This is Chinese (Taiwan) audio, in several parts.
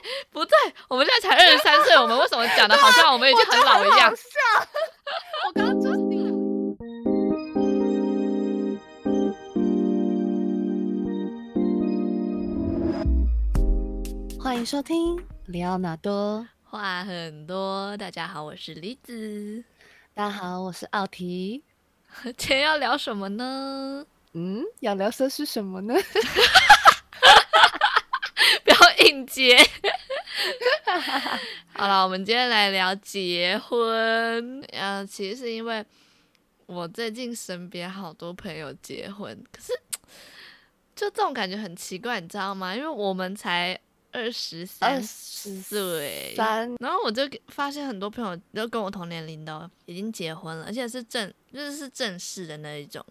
不對，我們現在才二十三歲， 我們為什麼講的好像我們已經很老了一樣？我剛出息。歡迎收聽《李奧納多話很多》。大家好，我是李子。 大家好，我是奧提。今天要聊什麼呢？嗯，要聊是什麼呢？ 訂婚，並 好了，我們今天來聊結婚。嗯、呃，其實是因為我最近身邊好多朋友結婚，可是，就這種感覺很奇怪，你知道嗎？因為我們才二十三、二十四歲，然後我就發現很多朋友都跟我同年齡的已經結婚了，而且是正，就是正式的那一種，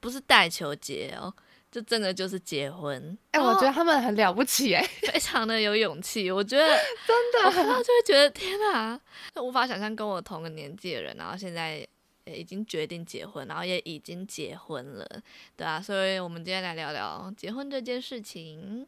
不是帶球結哦。這真的就是結婚，哎、欸，我覺得他們很了不起，哎、哦，非常的有勇氣。我覺得 真的，很，看到就會覺得天哪、啊，就無法想象跟我同個年紀的人，然後現在也已經決定結婚，然後也已經結婚了，對啊，所以，我們今天來聊聊結婚這件事情。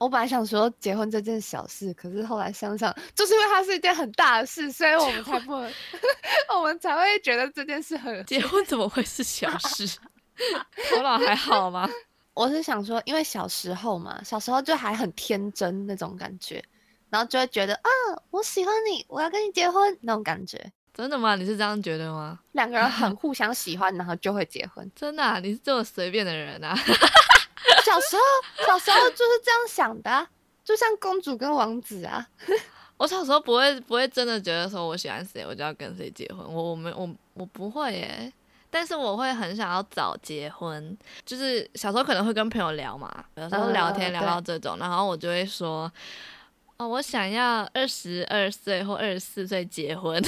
我本來想說結婚這件小事，可是後來想想，就是因為它是一件很大的事，所以我們才不會， 我們才會覺得這件事很。結婚怎麼會是小事？ 頭腦還好嗎？我是想說，因為小時候嘛，小時候就還很天真那種感覺，然後就會覺得啊，我喜歡你，我要跟你結婚那種感覺。真的嗎？你是這樣覺得嗎？兩個人很互相喜歡， 然後就會結婚。真的啊？你是這麼隨便的人啊！ 小時候，小時候就是這樣想的啊，就像公主跟王子啊。 我小時候不會，不會真的覺得說我喜歡誰，我就要跟誰結婚。我，我沒，我，我不會耶。但是我會很想要早結婚，就是小時候可能會跟朋友聊嘛，比如說聊天聊到這種，oh, oh, 然後我就會說，對哦，我想要二十二歲或二十四歲結婚。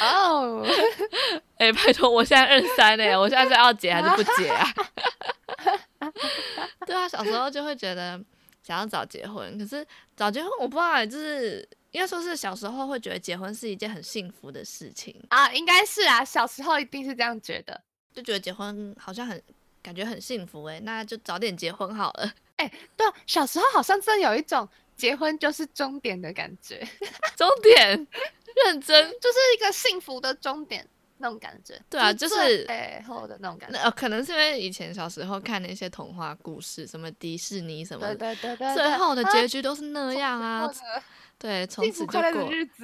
哦，哎，拜託，我現在二十三呢？我現在是要結還是不結啊？ 對啊，小時候就會覺得想要早結婚，可是早結婚我不知道啊，就是。應該說是小時候會覺得結婚是一件很幸福的事情啊，應該是啊，小時候一定是這樣覺得，就覺得結婚好像很感覺很幸福哎，那就早點結婚好了哎、欸，對、啊，小時候好像真的有一種結婚就是終點的感覺，終 點，認真， 就是一個幸福的終點那種感覺，對啊，就是最，最後的那種感覺、呃，可能是因為以前小時候看那些童話故事，什麼迪士尼什麼的，對對對對對對，最後的結局都是那樣啊。啊對，從此就過，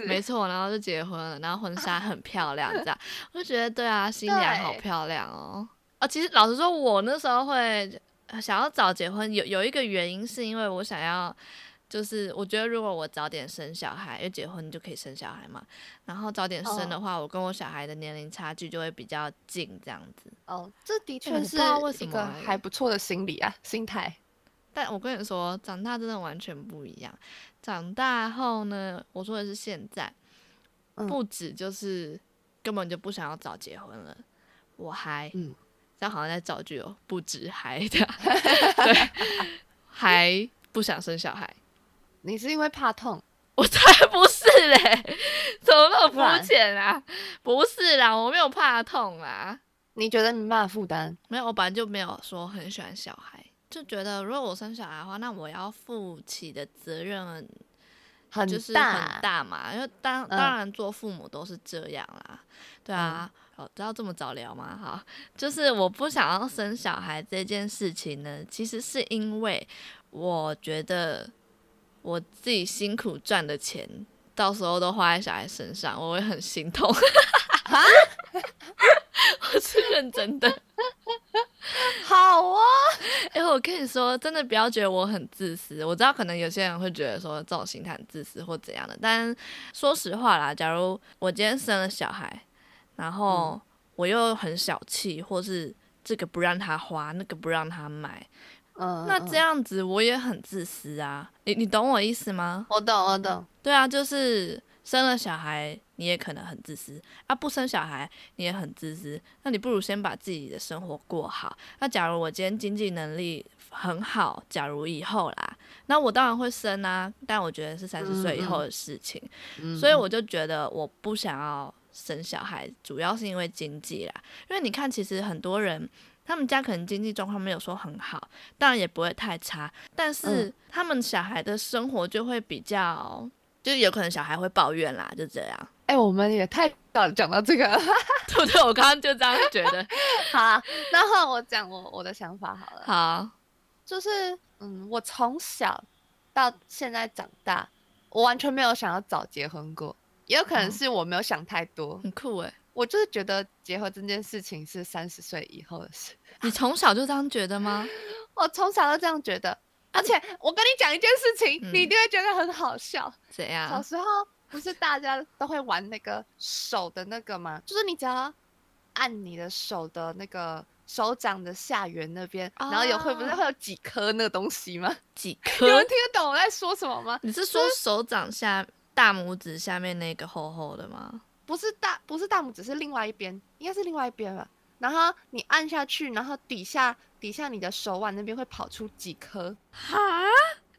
沒錯，然後就結婚了，然後婚紗很漂亮，這樣、啊， 我就覺得對啊，新娘好漂亮哦。對啊，其實老實說，我那時候會想要早結婚，有有一個原因是因為我想要，就是我覺得如果我早點生小孩，因為結婚就可以生小孩嘛。然後早點生的話，我跟我小孩的年齡差距就會比較近，這樣子。哦，這的確、欸就是為什麼還不錯的心理啊，心態。但我跟你說，長大真的完全不一樣。長大後呢，我說的是現在，嗯、不止就是根本就不想要早結婚了，我還，嗯、這樣好像在造句哦，不止還的， 對，還不想生小孩。你是因為怕痛？我才不是嘞，怎麼那麼膚淺啊？不是啦，我沒有怕痛啦、啊。你覺得你怕負擔？沒有，我本來就沒有說很喜歡小孩。就覺得如果我生小孩的話，那我要負起的責任很大很大嘛。大因為當當然做父母都是這樣啦，嗯、對啊。哦，都要這麼早聊嗎？哈，就是我不想要生小孩這件事情呢，其實是因為我覺得我自己辛苦賺的錢，到時候都花在小孩身上，我會很心痛。 蛤 我是認真的。 好啊！哎、欸，我跟你說，真的不要覺得我很自私。我知道可能有些人會覺得說這種心態很自私或怎樣的，但說實話啦，假如我今天生了小孩，然後我又很小氣，或是這個不讓他花，那個不讓他買，嗯、那這樣子我也很自私啊。嗯、你你懂我意思嗎？我懂，我懂。對啊，就是。生了小孩你也可能很自私啊，不生小孩你也很自私，那你不如先把自己的生活過好。那假如我今天經濟能力很好，假如以後啦，那我當然會生啊，但我覺得是三十歲以後的事情。嗯嗯。所以我就覺得我不想要生小孩，主要是因為經濟啦。因為你看，其實很多人他們家可能經濟狀況沒有說很好，當然也不會太差，但是他們小孩的生活就會比較。就有可能小孩會抱怨啦，就這樣。哎、欸，我們也太早講到這個了， 對不對？我剛剛就這樣覺得。 好，那換我講我我的想法好了。好，就是嗯，我從小到現在長大，我完全沒有想要早結婚過。也有可能是我沒有想太多。很酷哎、欸，我就是覺得結婚這件事情是三十歲以後的事。你從小就這樣覺得嗎？ 我從小都這樣覺得。而且我跟你講一件事情，嗯、你一定會覺得很好笑。怎樣？小時候不是大家都會玩那個手的那個嗎？就是你只要按你的手的那個手掌的下緣那邊，啊、然後有會不是會有幾顆那個東西嗎？幾顆？有人聽得懂我在說什麼嗎？你是說手掌下大拇指下面那個厚厚的嗎？不是大，不是大拇指，是另外一邊，應該是另外一邊吧。然後你按下去，然後底下底下你的手腕那邊會跑出幾顆？哈，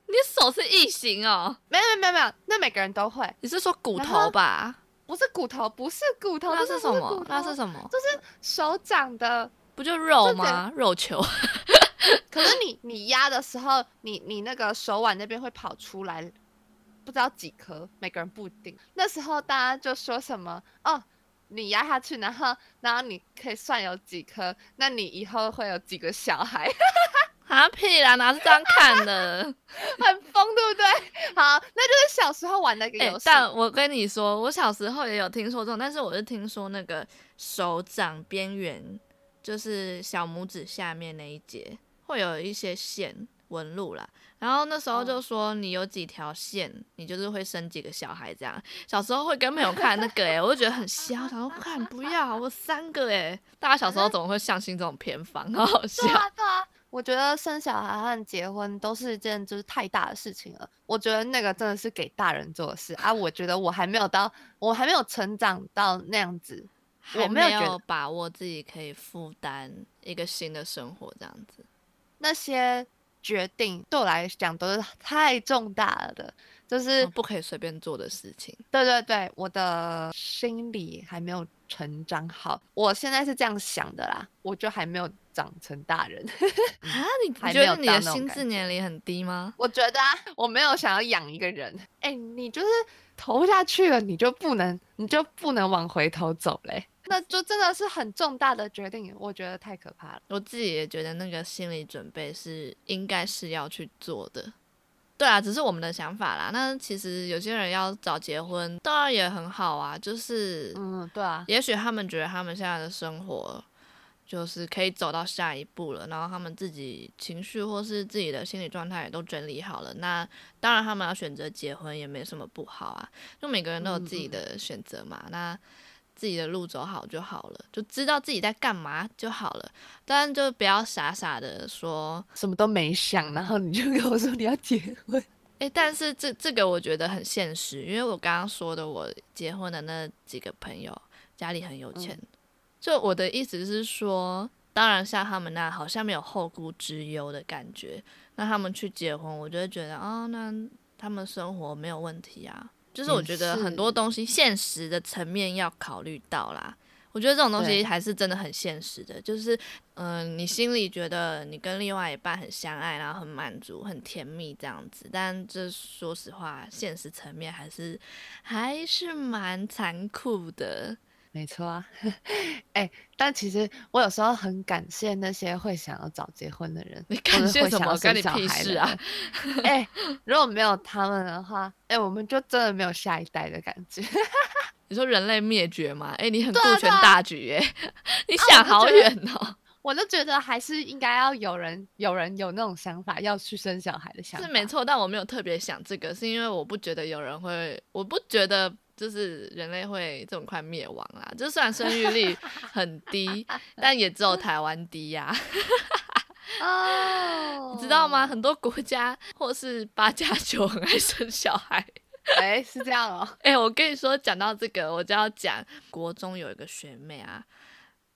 你手是異形哦？沒有沒有沒有，那每個人都會。你是說骨頭吧？不是骨頭，不是骨頭，那是什麼？那是什麼？就是手掌的，不就肉嗎？幾肉球。 可是你你壓的時候，你你那個手腕那邊會跑出來，不知道幾顆，每個人不一定。那時候大家就說什麼哦？你壓下去，然後，然後你可以算有幾顆，那你以後會有幾個小孩？啊 屁啦，哪是這樣看的！ 很瘋，對不對？好，那就是小時候玩的一個遊戲。欸，但我跟你說，我小時候也有聽說這種，但是我是聽說那個手掌邊緣，就是小拇指下面那一節，會有一些線、紋路啦。然後那時候就說你有幾條線，哦、你就是會生幾個小孩這樣。小時候會跟朋友看那個誒、欸， 我就覺得很瞎，我想說看不要，我三個誒、欸，大家小時候怎麼會相信這種偏方？好好笑。嗯、啊，啊我覺得生小孩和結婚都是一件就是太大的事情了。我覺得那個真的是給大人做的事 啊。我覺得我還沒有到，我還沒有成長到那樣子，沒我沒有把握自己可以負擔一個新的生活這樣子。那些。決定對我來講都是太重大了的，就是不可以隨便做的事情。哦、事情對對對，我的心理還沒有成長好，我現在是這樣想的啦，我就還沒有長成大人 啊！你不覺得你的心智年齡很低嗎？ 我覺得啊，我沒有想要養一個人，誒、欸，你就是投下去了，你就不能，你就不能往回頭走嘞。那就真的是很重大的決定，我覺得太可怕了。我自己也覺得那個心理準備是應該是要去做的。對啊，只是我們的想法啦。那其實有些人要早結婚，當然也很好啊。就是，嗯，對啊，也許他們覺得他們現在的生活就是可以走到下一步了，然後他們自己情緒或是自己的心理狀態也都整理好了。那當然，他們要選擇結婚也沒什麼不好啊。就每個人都有自己的選擇嘛。嗯嗯那。自己的路走好就好了，就知道自己在幹嘛就好了。當然，就不要傻傻的說什麼都沒想，然後你就跟我說你要結婚。誒、欸。但是這這個我覺得很現實，因為我剛剛說的，我結婚的那幾個朋友家裡很有錢。嗯、就我的意思是說，當然像他們那樣好像沒有後顧之憂的感覺，那他們去結婚，我就會覺得啊、哦，那他們生活沒有問題啊。就是我覺得很多東西現實的層面要考慮到啦。我覺得這種東西還是真的很現實的。就是，嗯，你心裡覺得你跟另外一半很相愛，然後很滿足、很甜蜜這樣子，但這說實話，現實層面還是還是蠻殘酷的。沒錯啊，哎、欸，但其實我有時候很感謝那些會想要早結婚的人，你感謝什麼？或是會想要生小孩的人，跟你屁事啊！哎、欸，如果沒有他們的話，哎、欸，我們就真的沒有下一代的感覺。 你說人類滅絕嗎？哎、欸，你很顧全大局，哎、欸，你想好遠哦、喔啊。我就覺得還是應該要有人，有人有那種想法，要去生小孩的想法是沒錯，但我沒有特別想這個，是因為我不覺得有人會，我不覺得。就是人類會這麼快滅亡啦！就算生育率很低， 但也只有台灣低呀、啊。哦 ，oh. 你知道嗎？很多國家或是八加九很愛生小孩。哎、 欸，是這樣哦。哎、欸，我跟你說，講到這個，我就要講國中有一個學妹啊。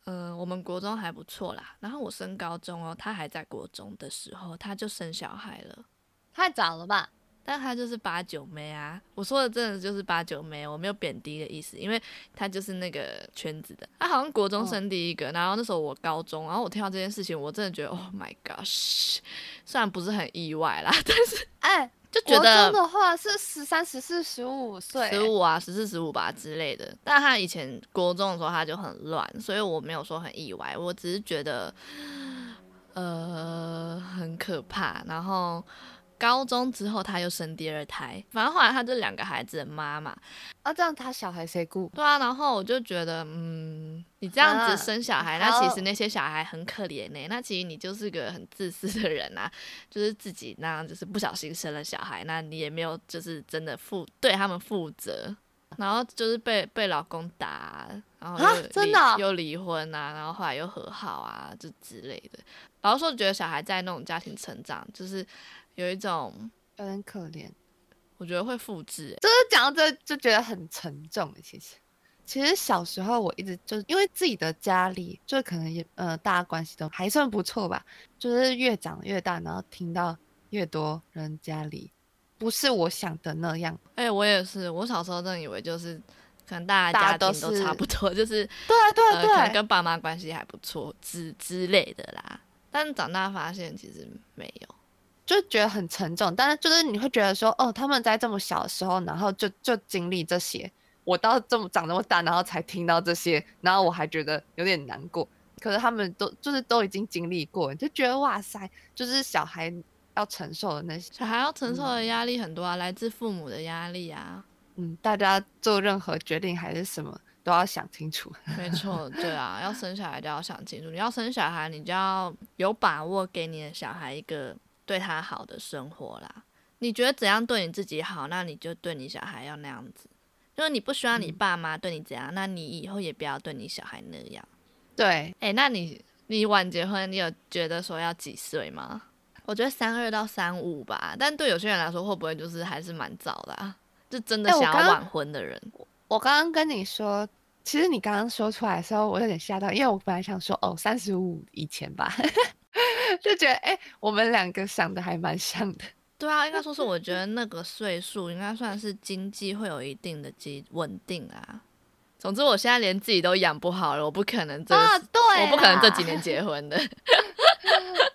嗯、呃，我們國中還不錯啦。然後我升高中哦，她還在國中的時候，她就生小孩了。太早了吧？但他就是八九妹啊！我說的真的就是八九妹，我沒有貶低的意思，因為他就是那個圈子的。他好像國中生第一個，哦、然後那時候我高中，然後我聽到這件事情，我真的覺得，Oh my god！雖然不是很意外啦，但是哎，就覺得國中的話是十三、十四、十五歲，十五啊，十四、十五吧之類的。但他以前國中的時候他就很亂，所以我沒有說很意外，我只是覺得呃很可怕，然後。高中之後，她又生第二胎，反正後來她就兩個孩子的媽媽。啊，這樣她小孩誰顧？對啊，然後我就覺得，嗯，你這樣子生小孩，啊、那其實那些小孩很可憐呢、欸。啊、那其實你就是個很自私的人啊，就是自己那樣，就是不小心生了小孩，那你也沒有就是真的負對他們負責。然後就是被被老公打、啊，然後又、啊、真的、哦、又離婚啊，然後後來又和好啊，就之類的。然後說覺得小孩在那種家庭成長，就是。有一種有點可憐，我覺得會複製、欸，就是講到這就覺得很沉重的。其實，其實小時候我一直就是因為自己的家裡，就可能也呃大家關係都還算不錯吧，就是越長越大，然後聽到越多人家裡不是我想的那樣。哎、欸，我也是，我小時候真的以為就是可能大家家都都差不多，是就是對對對、呃，可能跟爸媽關係還不錯之之類的啦。但長大發現其實沒有。就覺得很沉重，但是就是你會覺得說，哦，他們在這麼小的時候，然後就就經歷這些，我到這麼長這麼大，然後才聽到這些，然後我還覺得有點難過。可是他們都就是都已經經歷過，就覺得哇塞，就是小孩要承受的那些，小孩要承受的壓力很多啊，嗯、來自父母的壓力啊，嗯，大家做任何決定還是什麼都要想清楚， 沒錯，對啊，要生小孩就要想清楚，你要生小孩，你就要有把握給你的小孩一個。對他好的生活啦，你覺得怎樣對你自己好，那你就對你小孩要那樣子。就是你不希望你爸媽對你怎樣，嗯、那你以後也不要對你小孩那樣。對，哎、欸，那你你晚結婚，你有覺得說要幾歲嗎？我覺得三二到三五吧，但對有些人來說，會不會就是還是蠻早的啊？就真的想要晚婚的人。欸、我剛剛，我剛剛跟你說，其實你剛剛說出來的時候，我有點嚇到，因為我本來想說，哦，三十五以前吧。 就覺得哎、欸，我們兩個想的還蠻像的。對啊，應該說是我覺得那個歲數應該算是經濟會有一定的基穩定啊。 總之我現在連自己都養不好了，我不可能這，哦啊、我不可能這幾年結婚的。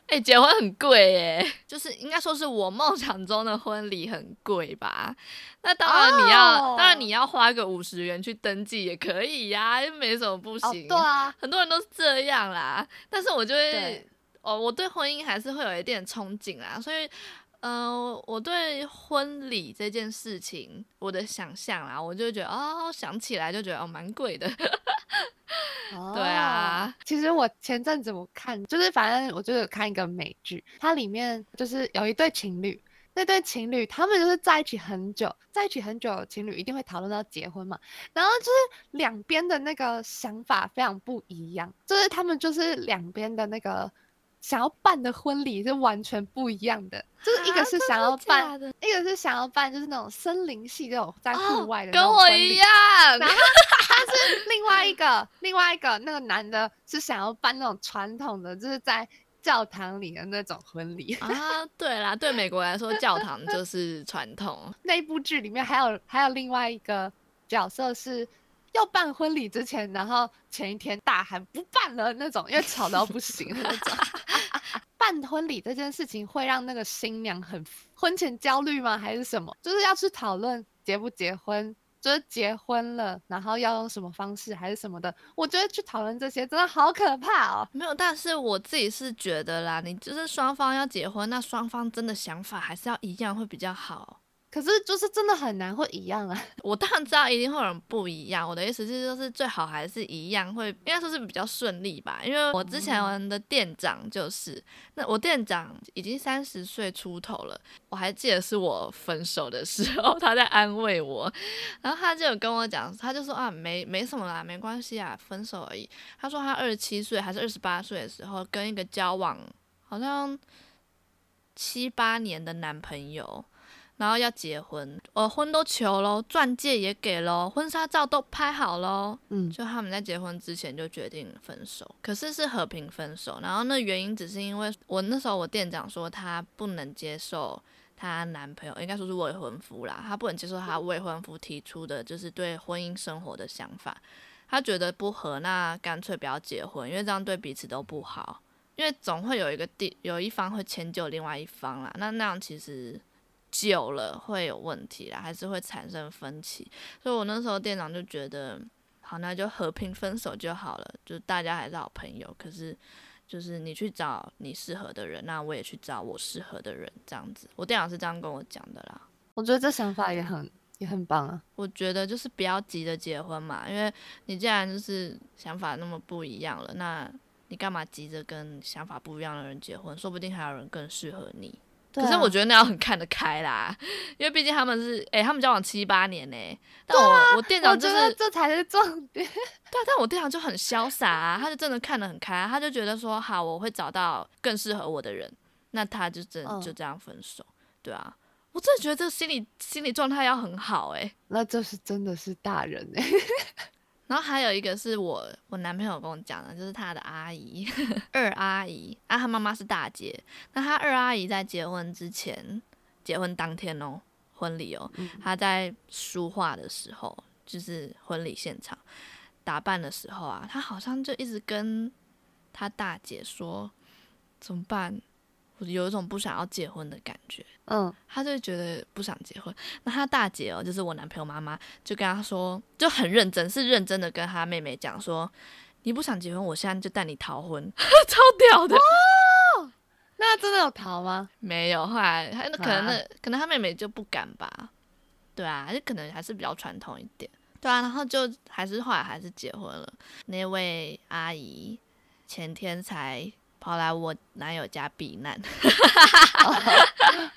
哎、 欸，結婚很貴哎、欸，就是應該說是我夢想中的婚禮很貴吧。哦、那當然你要，當然你要花個五十元去登記也可以呀、啊，又沒什麼不行。哦、對啊，很多人都是這樣啦。但是我就會。哦，oh, 我對婚姻還是會有一點憧憬啊，所以，呃，我對婚禮這件事情，我的想象啊，我就覺得，哦，想起來就覺得哦，蠻貴的。 對啊，oh. 其實我前陣子我看，就是反正我就是看一個美劇，它裡面就是有一對情侶，那對情侶他們就是在一起很久，在一起很久，情侶一定會討論到結婚嘛，然後就是兩邊的那個想法非常不一樣，就是他們就是兩邊的那個。想要辦的婚禮是完全不一樣的，就是一個是想要辦，啊、的一個是想要辦，就是那種森林系這種在戶外的。跟我一樣，然後他是另外一個， 另外一個那個男的是想要辦那種傳統的，就是在教堂裡的那種婚禮啊。對啦，對美國來說，教堂就是傳統。 那一部劇裡面還有還有另外一個角色是。要辦婚禮之前，然後前一天大喊不辦了那種，因為吵到不行的那種。 辦婚禮這件事情會讓那個新娘很婚前焦慮嗎？還是什麼？就是要去討論結不結婚，就是結婚了，然後要用什麼方式還是什麼的。我覺得去討論這些真的好可怕哦。沒有，但是我自己是覺得啦，你就是雙方要結婚，那雙方真的想法還是要一樣會比較好。可是就是真的很難會一樣啊！我當然知道一定會有人不一樣。我的意思就是，就是最好還是一樣會，應該說是比較順利吧。因為我之前的店長就是，那我店長已經三十歲出頭了。我還記得是我分手的時候，他在安慰我，然後他就有跟我講，他就說啊，沒沒什麼啦，沒關係啊，分手而已。他說他二十七歲還是二十八歲的時候，跟一個交往好像七八年的男朋友。然後要結婚，呃、哦，婚都求了，鑽戒也給了，婚紗照都拍好了。嗯，就他們在結婚之前就決定分手，可是是和平分手。然後那原因只是因為我那時候我店長說她不能接受她男朋友，應該說是未婚夫啦，她不能接受她未婚夫提出的，就是對婚姻生活的想法，她覺得不合，那乾脆不要結婚，因為這樣對彼此都不好，因為總會有一個地有一方會遷就另外一方啦，那那樣其實。久了會有問題啦，還是會產生分歧，所以我那時候店長就覺得，好，那就和平分手就好了，就是大家還是好朋友，可是就是你去找你適合的人，那我也去找我適合的人，這樣子，我店長是這樣跟我講的啦。我覺得這想法也很也很棒啊，我覺得就是不要急着結婚嘛，因為你既然就是想法那麼不一樣了，那你幹嘛急着跟想法不一樣的人結婚？說不定還有人更適合你。可是我覺得那樣很看得開啦，啊、因為畢竟他們是哎、欸，他們交往七八年呢、欸。啊、但我我店長就是我覺得，這才是重點。對啊，但我店長就很瀟灑啊，他就真的看得很開，啊，他就覺得說好，我會找到更適合我的人，那他就真就這樣分手。嗯、對啊，我真的覺得這個心理心理狀態要很好哎、欸。那這是真的是大人哎、欸。 然後還有一個是我我男朋友跟我講的，就是他的阿姨二阿姨， 啊，他媽媽是大姐，那他二阿姨在結婚之前，結婚當天哦，婚禮哦，他在梳化的時候，就是婚禮現場打扮的時候啊，他好像就一直跟他大姐說，怎麼辦？我有一種不想要結婚的感覺，嗯，他就覺得不想結婚。那他大姐哦，就是我男朋友媽媽，就跟他說，就很認真，是認真的跟他妹妹講說，你不想結婚，我現在就帶你逃婚， 超屌的，哦。那真的有逃嗎？沒有，後來他那可能那可能他妹妹就不敢吧，啊對啊，就可能還是比較傳統一點，對啊，然後就還是後來還是結婚了。那位阿姨前天才。好來，我男友家避難。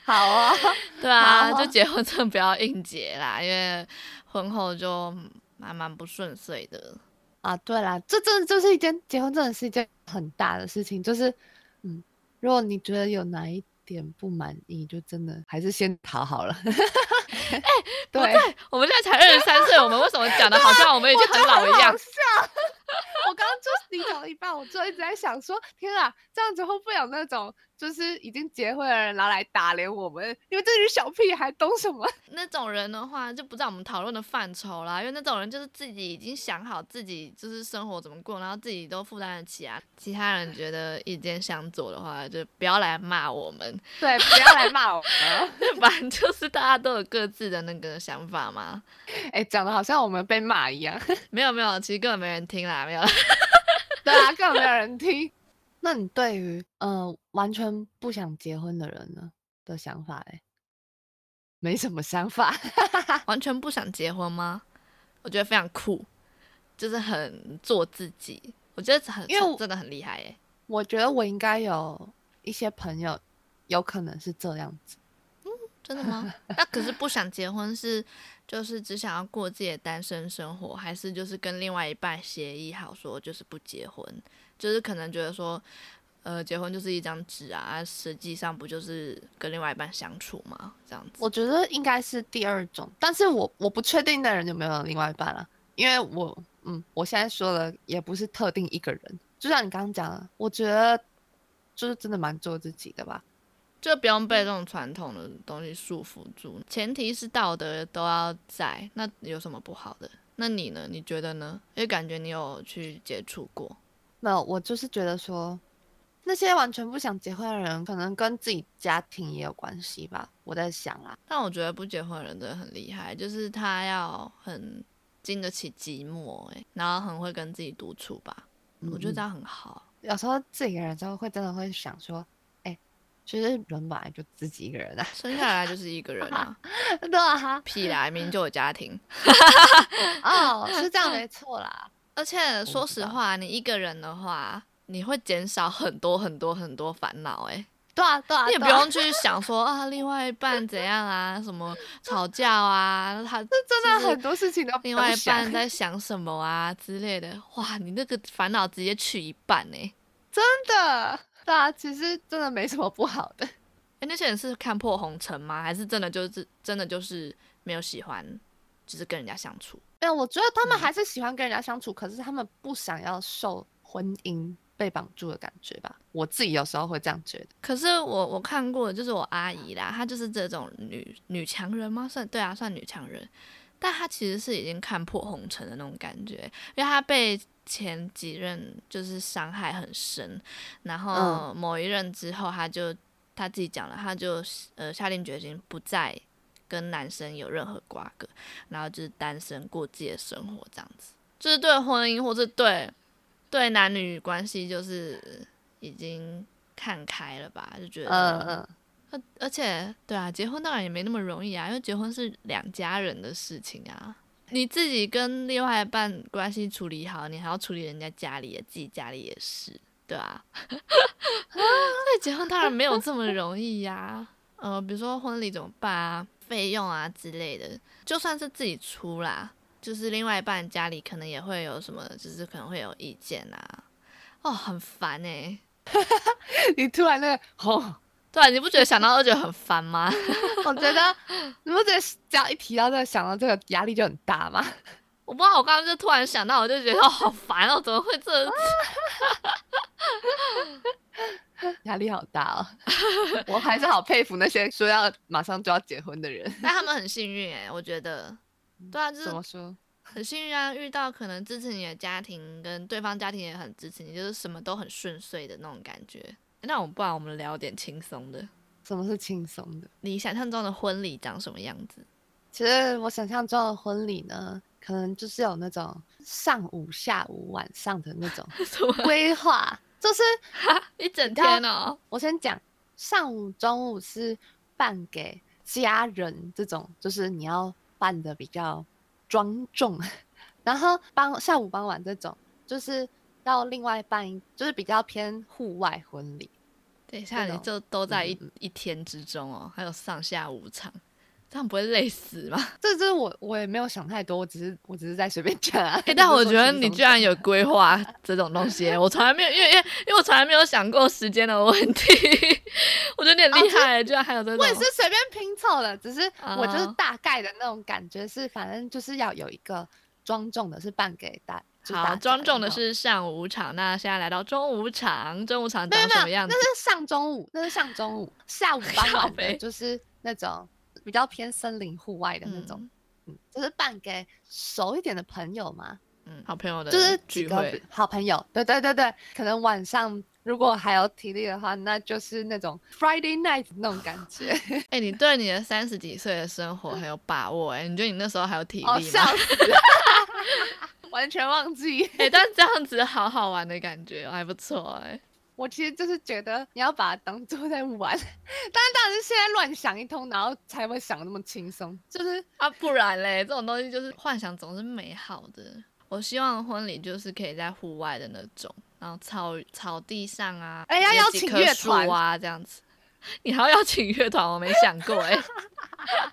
好啊，對啊，就結婚證不要硬結啦，因為婚後就蠻蠻不順遂的啊。對啦，這真的就是一件結婚，真的是一件很大的事情。就是，嗯，如果你覺得有哪一點不滿意，就真的還是先逃好了。哎、 欸，對，對，我們現在才二十三歲，我們為什麼講的好像我們已經很老一樣？你講 一半，我就，一直在想說，天啊，這樣子會不會有那種，就是已經結婚的人拿來打臉我們？因為這些小屁孩懂什麼？那種人的話，就不在我們討論的範疇啦。因為那種人就是自己已經想好自己就是生活怎麼過，然後自己都負擔得起啊。其他人覺得意見相左的話，就不要來罵我們。對，不要來罵我們。反正 就是大家都有各自的那個想法嘛。哎、欸，講的好像我們被罵一樣。 沒有沒有，其實根本沒人聽啦，沒有。 對 啊，根本沒有人聽。那你對於呃完全不想結婚的人呢的想法，欸？哎，沒什麼想法， 完全不想結婚嗎？我覺得非常酷，就是很做自己。我覺得很，真的很厲害，欸。耶。我覺得我應該有一些朋友有可能是這樣子。真的嗎？那 可是不想結婚是，就是只想要過自己的單身生活，還是就是跟另外一半協議好說，就是不結婚，就是可能覺得說，呃，結婚就是一張紙啊，實際上不就是跟另外一半相處嗎？這樣子。我覺得應該是第二種，但是我我不確定那人有沒有另外一半了啊，因為我，嗯，我現在說的也不是特定一個人，就像你剛剛講的，我覺得就是真的蠻做自己的吧。就不用被這種傳統的東西束縛住，嗯、前提是道德都要在，那有什麼不好的？那你呢？你覺得呢？因為感覺你有去接觸過，沒有？我就是覺得說，那些完全不想結婚的人，可能跟自己家庭也有關係吧。我在想啊，但我覺得不結婚的人真的很厲害，就是他要很經得起寂寞、欸，誒，然後很會跟自己獨處吧。我覺得這樣很好。嗯、有時候自己一個人之後，會真的會想說。其實人本來就自己一個人啊，生下來就是一個人啊，對啊 啦，屁呀，明明就有家庭， 哦，是這樣沒錯啦。而且說實話，你一個人的話，你會減少很多很多很多煩惱誒，對啊，對啊，你也不用去想說 啊，另外一半怎樣啊， 什麼吵架啊，他，真的很多事情都另外一半在想什麼啊之類的， 哇，你那個煩惱直接去一半誒、欸，真的。對啊，其實真的沒什麼不好的。誒、欸，那些人是看破紅塵嗎？還是真的就是真的就是沒有喜歡，只是跟人家相處？哎、欸，我覺得他們還是喜歡跟人家相處，嗯、可是他們不想要受婚姻被綁住的感覺吧？我自己有時候會這樣覺得。可是我我看過，就是我阿姨啦，她就是這種女女強人嗎？算對啊，算女強人，但她其實是已經看破紅塵的那種感覺，因為她被。前幾任就是傷害很深，然後某一任之後，他就他自己講了，他就呃下定決心不再跟男生有任何瓜葛，然後就是單身過自己的生活這樣子，就是對婚姻或者對對男女關係就是已經看開了吧，就覺得，嗯嗯，而而且對啊，結婚當然也沒那麼容易啊，因為結婚是兩家人的事情啊。你自己跟另外一半關係處理好，你還要處理人家家裡也，自己家裡也是，對吧？啊，那結婚當然沒有這麼容易呀。呃，比如說婚禮怎麼辦啊？費用啊之類的，就算是自己出啦，就是另外一半家裡可能也會有什麼，就是可能會有意見啊。哦，很煩欸。 你突然那個吼。對、啊，你不覺得想到二九很煩嗎？ 我覺得你不覺得只要一提到這個，想到這個壓力就很大嗎？我不知道，我剛剛就突然想到，我就覺得好煩哦， 怎麼會這樣子 壓力好大哦？我還是好佩服那些說要馬上就要結婚的人，但他們很幸運哎、欸，我覺得對啊，就是怎麼說很幸運啊，遇到可能支持你的家庭，跟對方家庭也很支持你，就是什麼都很順遂的那種感覺。欸、那我們不然我們聊點輕鬆的。什麼是輕鬆的？你想象中的婚禮長什麼樣子？其實我想象中的婚禮呢，可能就是有那種上午、下午、晚上的那種規劃， 什麼？就是 一整天哦、喔。我先講上午、中午是辦給家人，這種就是你要辦的比較莊重， 然後幫下午、傍晚這種就是。到另外辦一，就是比較偏戶外婚禮。對，等一下，種你就都在一、嗯、一天之中哦，還有上下午場，這樣不會累死嗎？這這是我我也沒有想太多，我只是我只是在隨便講。啊。欸、我但我覺得你居然有規劃這種東西， 我從來沒有，因為因為因為我從來沒有想過時間的問題。 我覺得你很厲害，哦、居然還有這種。我也是隨便拼湊的，只是我就是大概的那種感覺是，哦、反正就是要有一個莊重的，是辦給大。好，莊重的是上午場。那現在來到中午場，中午場長什麼樣子？那是上中午，那是上中午，下午傍晚就是那種比較偏森林戶外的那種， 嗯、就是辦給熟一點的朋友嘛，嗯，好朋友的，就是聚會，幾個好朋友，對對對對，可能晚上如果還有體力的話，那就是那種 Friday night 那種感覺。哎、 欸，你對你的三十幾歲的生活很有把握哎、欸？你覺得你那時候還有體力嗎？哦 完全忘記、欸、但這樣子好好玩的感覺 還不錯哎、欸。我其實就是覺得你要把它當做在玩，當然當然是現在亂想一通，然後才會想得那麼輕鬆。就是啊，不然嘞，這種東西就是幻想總是美好的。我希望婚禮就是可以在戶外的那種，然後草草地上啊，哎，要邀請樂團啊這樣子。你還要，要邀請樂團，我沒想過哎、欸。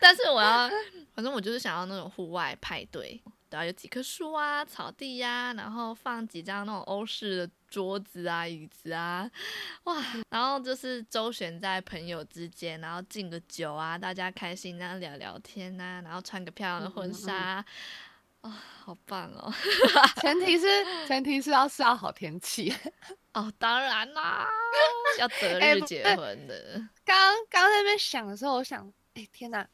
但是我要，反正我就是想要那種戶外派對。對啊，有幾棵樹啊，草地呀、啊，然後放幾張那種歐式的桌子啊、椅子啊，哇，然後就是周旋在朋友之間，然後敬個酒啊，大家開心啊，聊聊天啊，然後穿個漂亮的婚紗，啊、嗯嗯哦，好棒哦！前提是 前提是要是要好天氣哦，當然啦、啊， 要擇日結婚的。哎、剛剛在那邊想的時候，我想，哎，天哪！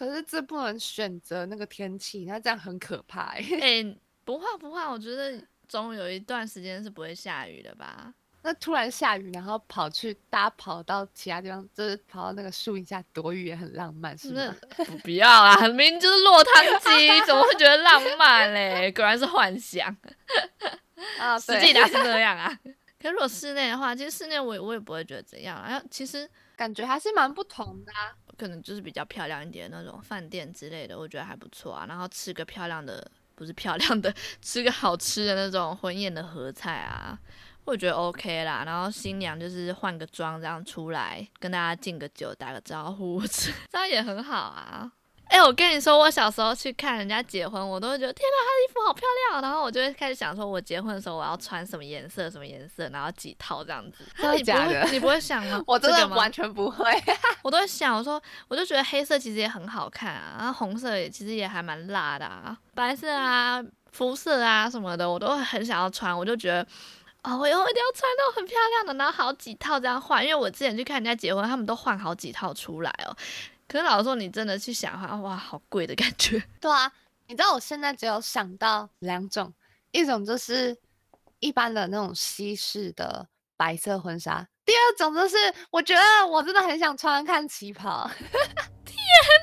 可是這不能選擇那個天氣，那這樣很可怕哎、欸欸。不怕不怕，我覺得總有一段時間是不會下雨的吧？那突然下雨，然後跑去大家跑到其他地方，就是跑到那個樹蔭下躲雨也很浪漫，是不是？不必要啊，明明就是落湯雞， 怎麼會覺得浪漫嘞、欸？果然是幻想 啊，對實際它是那樣啊。可是如果室內的話，其實室內我也我也不會覺得怎樣啊。其實感覺還是蠻不同的、啊。可能就是比較漂亮一點的那種飯店之類的，我覺得還不錯啊。然後吃個漂亮的，不是漂亮的，吃個好吃的那種婚宴的合菜啊，我覺得 OK 啦。然後新娘就是換個妝這樣出來，跟大家敬個酒、打個招呼，這樣也很好啊。哎、欸，我跟你說，我小時候去看人家結婚，我都會覺得天哪，她的衣服好漂亮哦。然後我就會開始想說，我結婚的時候我要穿什麼顏色、什麼顏色，然後幾套這樣子。真的假的？你不會想嗎？我真的完全不會。 我都會想，我說我就覺得黑色其實也很好看啊，然後紅色也其實也還蠻辣的啊，白色啊、膚色啊什麼的，我都會很想要穿。我就覺得啊，我以後一定要穿那種很漂亮的，然後好幾套這樣換。因為我之前去看人家結婚，他們都換好幾套出來哦。可是老實說，你真的去想哈，哇，好貴的感覺。對啊，你知道我現在只有想到兩種，一種就是一般的那種西式的白色婚紗，第二種就是我覺得我真的很想穿看，看旗袍。 天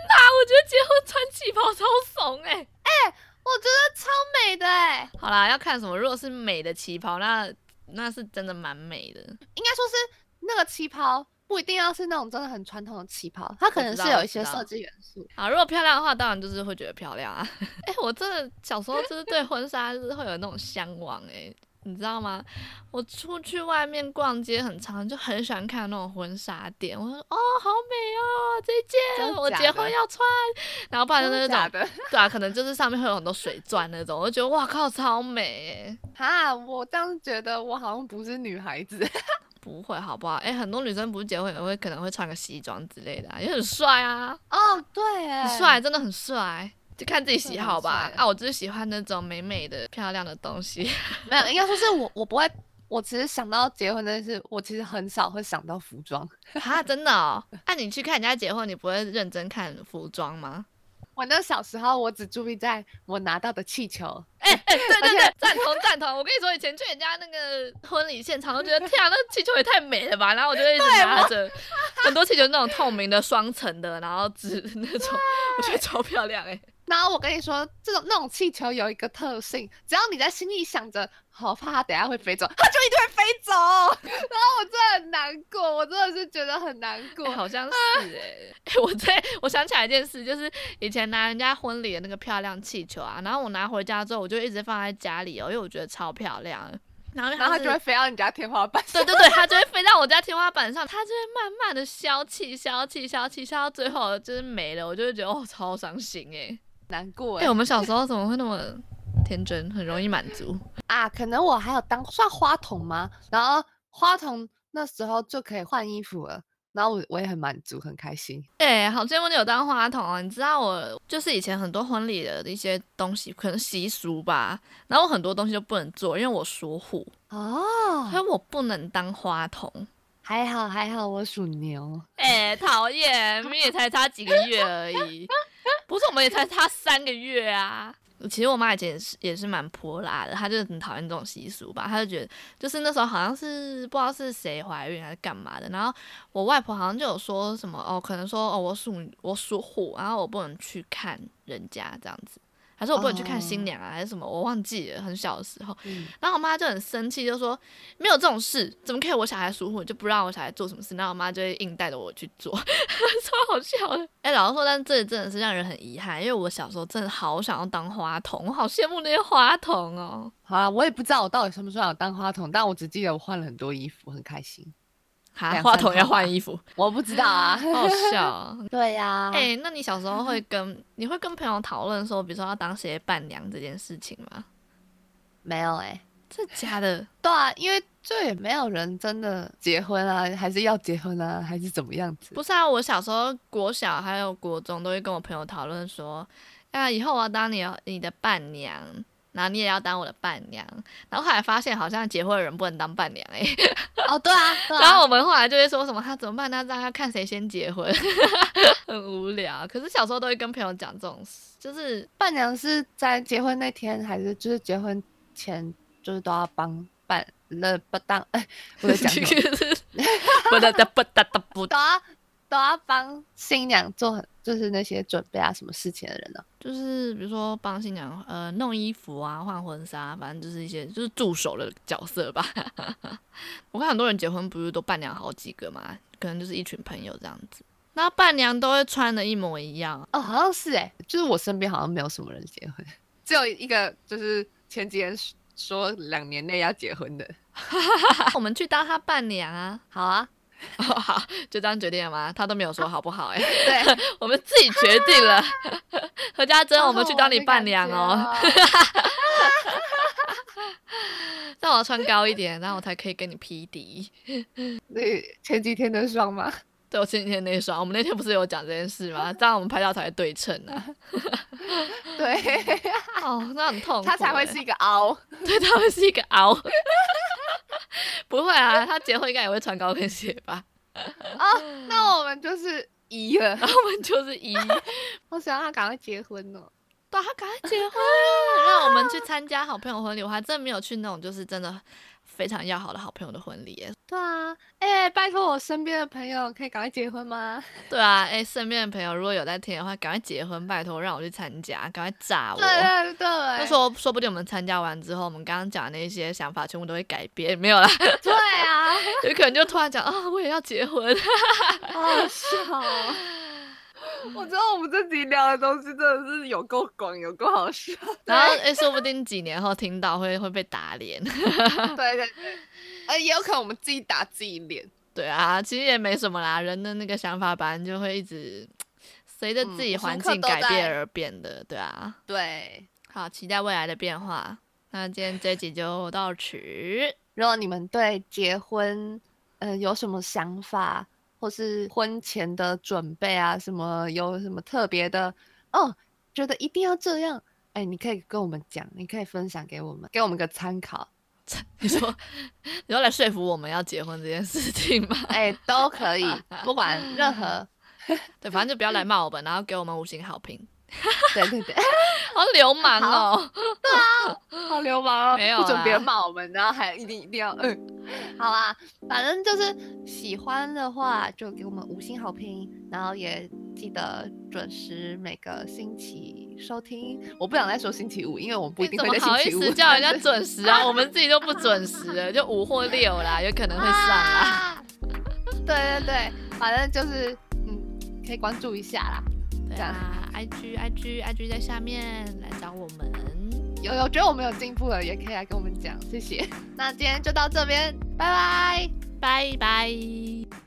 哪，我覺得結婚穿旗袍超慫哎、欸！哎、欸，我覺得超美的哎、欸。好啦，要看什麼？如果是美的旗袍，那那是真的蠻美的。應該說是那個旗袍。不一定要是那種真的很傳統的旗袍，它可能是有一些設計元素啊。如果漂亮的話，當然就是會覺得漂亮啊。哎、 欸，我真的小時候就是對婚紗就是會有那種向往誒、欸，你知道嗎？我出去外面逛街很常，很常就很喜歡看那種婚紗店。我說哦，好美哦，這一件我結婚要穿。然後不然就是那種，真假的，對啊，可能就是上面會有很多水鑽那種，我就覺得哇靠，超美誒、欸，哈，我這樣覺得，我好像不是女孩子。 不會，好不好？誒、欸，很多女生不是結婚也會可能會穿個西裝之類的、啊，也很帥啊。哦，對，很帥，真的很帥，就看自己喜好吧。啊，我就是喜歡那種美美的、漂亮的東西。 沒有，應該說是我，我不會，我其實想到結婚這件事我其實很少會想到服裝 哈，真的、哦。那、啊、你去看人家結婚，你不會認真看服裝嗎？我那小時候，我只注意在我拿到的氣球。哎哎、欸，對對對，贊 同贊同。我跟你說，以前去人家那個婚禮現場，都覺得天啊，那氣球也太美了吧！然後我就一直拿着很多氣球，那種透明的雙層的，然後紙的那種，對我覺得超漂亮哎、欸。然後我跟你說，這種那種氣球有一個特性，只要你在心裡想着好怕它等下會飛走，它就一定會飛走。 然後我真的很難過，我真的是覺得很難過。欸、好像是哎、欸啊欸，我這我想起來一件事，就是以前拿人家婚禮的那個漂亮氣球啊，然後我拿回家之後，我就一直放在家裡哦，因為我覺得超漂亮。然後他然後它就會飛到你家天花板上， 對對對，它就會飛到我家天花板上，它 就會慢慢的消氣、消氣、消氣、消氣，消到最後就是沒了，我就會覺得哦超傷心哎、欸。難過哎、欸，我們小時候怎麼會那麼天真，很容易滿足 啊？可能我還有當算花童嗎？然後花童那時候就可以換衣服了，然後我我也很滿足，很開心。哎、欸，好羨慕你有當花童啊、喔？你知道我就是以前很多婚禮的一些東西，可能習俗吧。然後我很多東西都不能做，因為我屬虎哦，所以我不能當花童。還好還好，我屬牛。哎、欸，討厭，你也才差幾個月而已。不是，我們也才差三個月啊。其實我媽以前也是也是蠻潑辣的，她就很討厭這種習俗吧。她就覺得，就是那時候好像是不知道是誰懷孕還是幹嘛的，然後我外婆好像就有說什麼哦，可能說哦，我屬我屬虎，然後我不能去看人家這樣子。還是我不能去看新娘啊，oh. 還是什麼？我忘記了，很小的時候。嗯、然後我媽就很生氣，就說沒有這種事，怎麼可以我小孩屬虎就不讓我小孩做什麼事？然後我媽就會硬帶着我去做， 超好笑的。哎、欸，老實說，但是這裡真的是讓人很遺憾，因為我小時候真的好想要當花童，我好羨慕那些花童哦。好啊，我也不知道我到底什麼時候要當花童，但我只記得我換了很多衣服，很開心。話筒、啊、要換衣服，嗯、我不知道啊， 好笑、啊。 對呀、啊，誒、欸，那你小時候會跟你會跟朋友討論說，比如說要當誰伴娘這件事情嗎？沒有、欸，哎，這假的。 對啊，因為這也沒有人真的結婚啊，還是要結婚啊，還是怎麼樣子？不是啊，我小時候國小還有國中都會跟我朋友討論說，啊，以後我要當你你的伴娘。然後你也要當我的伴娘，然後後來發現好像結婚的人不能當伴娘哎、欸。哦，對啊，對啊。然後我們後來就會說什麼他怎麼辦？那讓他看誰先結婚， 很無聊。可是小時候都會跟朋友講這種事，就是伴娘是在結婚那天，還是就是結婚前，就是都要幫伴。那不當哎，我在講什麼？不打不打不打。都要幫新娘做，就是那些準備啊、什麼事情的人呢、啊？就是比如說幫新娘呃弄衣服啊、換婚紗，反正就是一些就是助手的角色吧。 我看很多人結婚不是都伴娘好幾個嘛，可能就是一群朋友這樣子。那伴娘都會穿得一模一樣？哦，好像是誒、欸。就是我身邊好像沒有什麼人結婚， 只有一個就是前幾天說兩年內要結婚的， 我們去當他伴娘啊，好啊。 哦、好，就這樣決定了嗎？他都沒有說好不好、欸？哎、啊，對， 我們自己決定了。啊、何家珍，我們去當你伴娘哦。那我， 我要穿高一點，然後 我才可以跟你匹敵。你前幾天的雙嗎？對我前幾天那雙，我們那天不是有講這件事嗎？這樣我們拍照才會對稱呢、啊。對、啊，哦，那很痛。他才會是一個凹，對，他會是一個凹。 不會啊，他結婚應該也會穿高跟鞋吧？啊、哦，那我們就是一了，然後我們就是一。我想要他趕快結婚哦，對、啊，他趕快結婚，讓、啊、我們去參加好朋友婚禮。我還真沒有去那種，就是真的。非常要好的好朋友的婚禮耶！對啊，哎、欸，拜託我身邊的朋友可以趕快結婚嗎？對啊，哎、欸，身邊的朋友如果有在聽的話，趕快結婚，拜託讓我去參加，趕快炸我！對對對，說說不定我們參加完之後，我們剛剛講的那些想法全部都會改變，沒有啦。對啊， 有可能就突然講啊，我也要結婚， 好好笑哦。我覺得我們這集聊的東西真的是有夠廣，有夠好笑。對然後誒，說不定幾年後聽到會會被打臉。 對對對，也有可能我們自己打自己臉。對啊，其實也沒什麼啦，人的那個想法本來就會一直隨着自己環境改變而變的，嗯、對啊。對，好，期待未來的變化。那今天這集就到此。如果你們對結婚，嗯、呃，有什麼想法？或是婚前的準備啊，什麼有什麼特別的哦？覺得一定要這樣？哎、欸，你可以跟我們講，你可以分享給我們，給我們個參考。你說， 你要來說服我們要結婚這件事情嗎？哎、欸，都可以， 不管任何， 對，反正就不要來罵我們，然後給我們五星好評。 對對對，好流氓哦！對啊， 好流氓哦！沒有，不准別人罵我們，然後還一定一定要嗯， 好啊，反正就是喜歡的話就給我們五星好評，然後也記得準時每個星期收聽。我不想再說星期五，因為我們不一定會在星期五。你怎麼好意思叫人家準時啊？ 我們自己都不準時了，就五或六啦， 有可能會上啦。 對對對，反正就是嗯，可以關注一下啦。啊！IG、嗯、IG IG 在下面來找我們。有有，覺得我們有進步了，也可以來跟我們講，謝謝。 那今天就到這邊，拜拜拜拜。Bye bye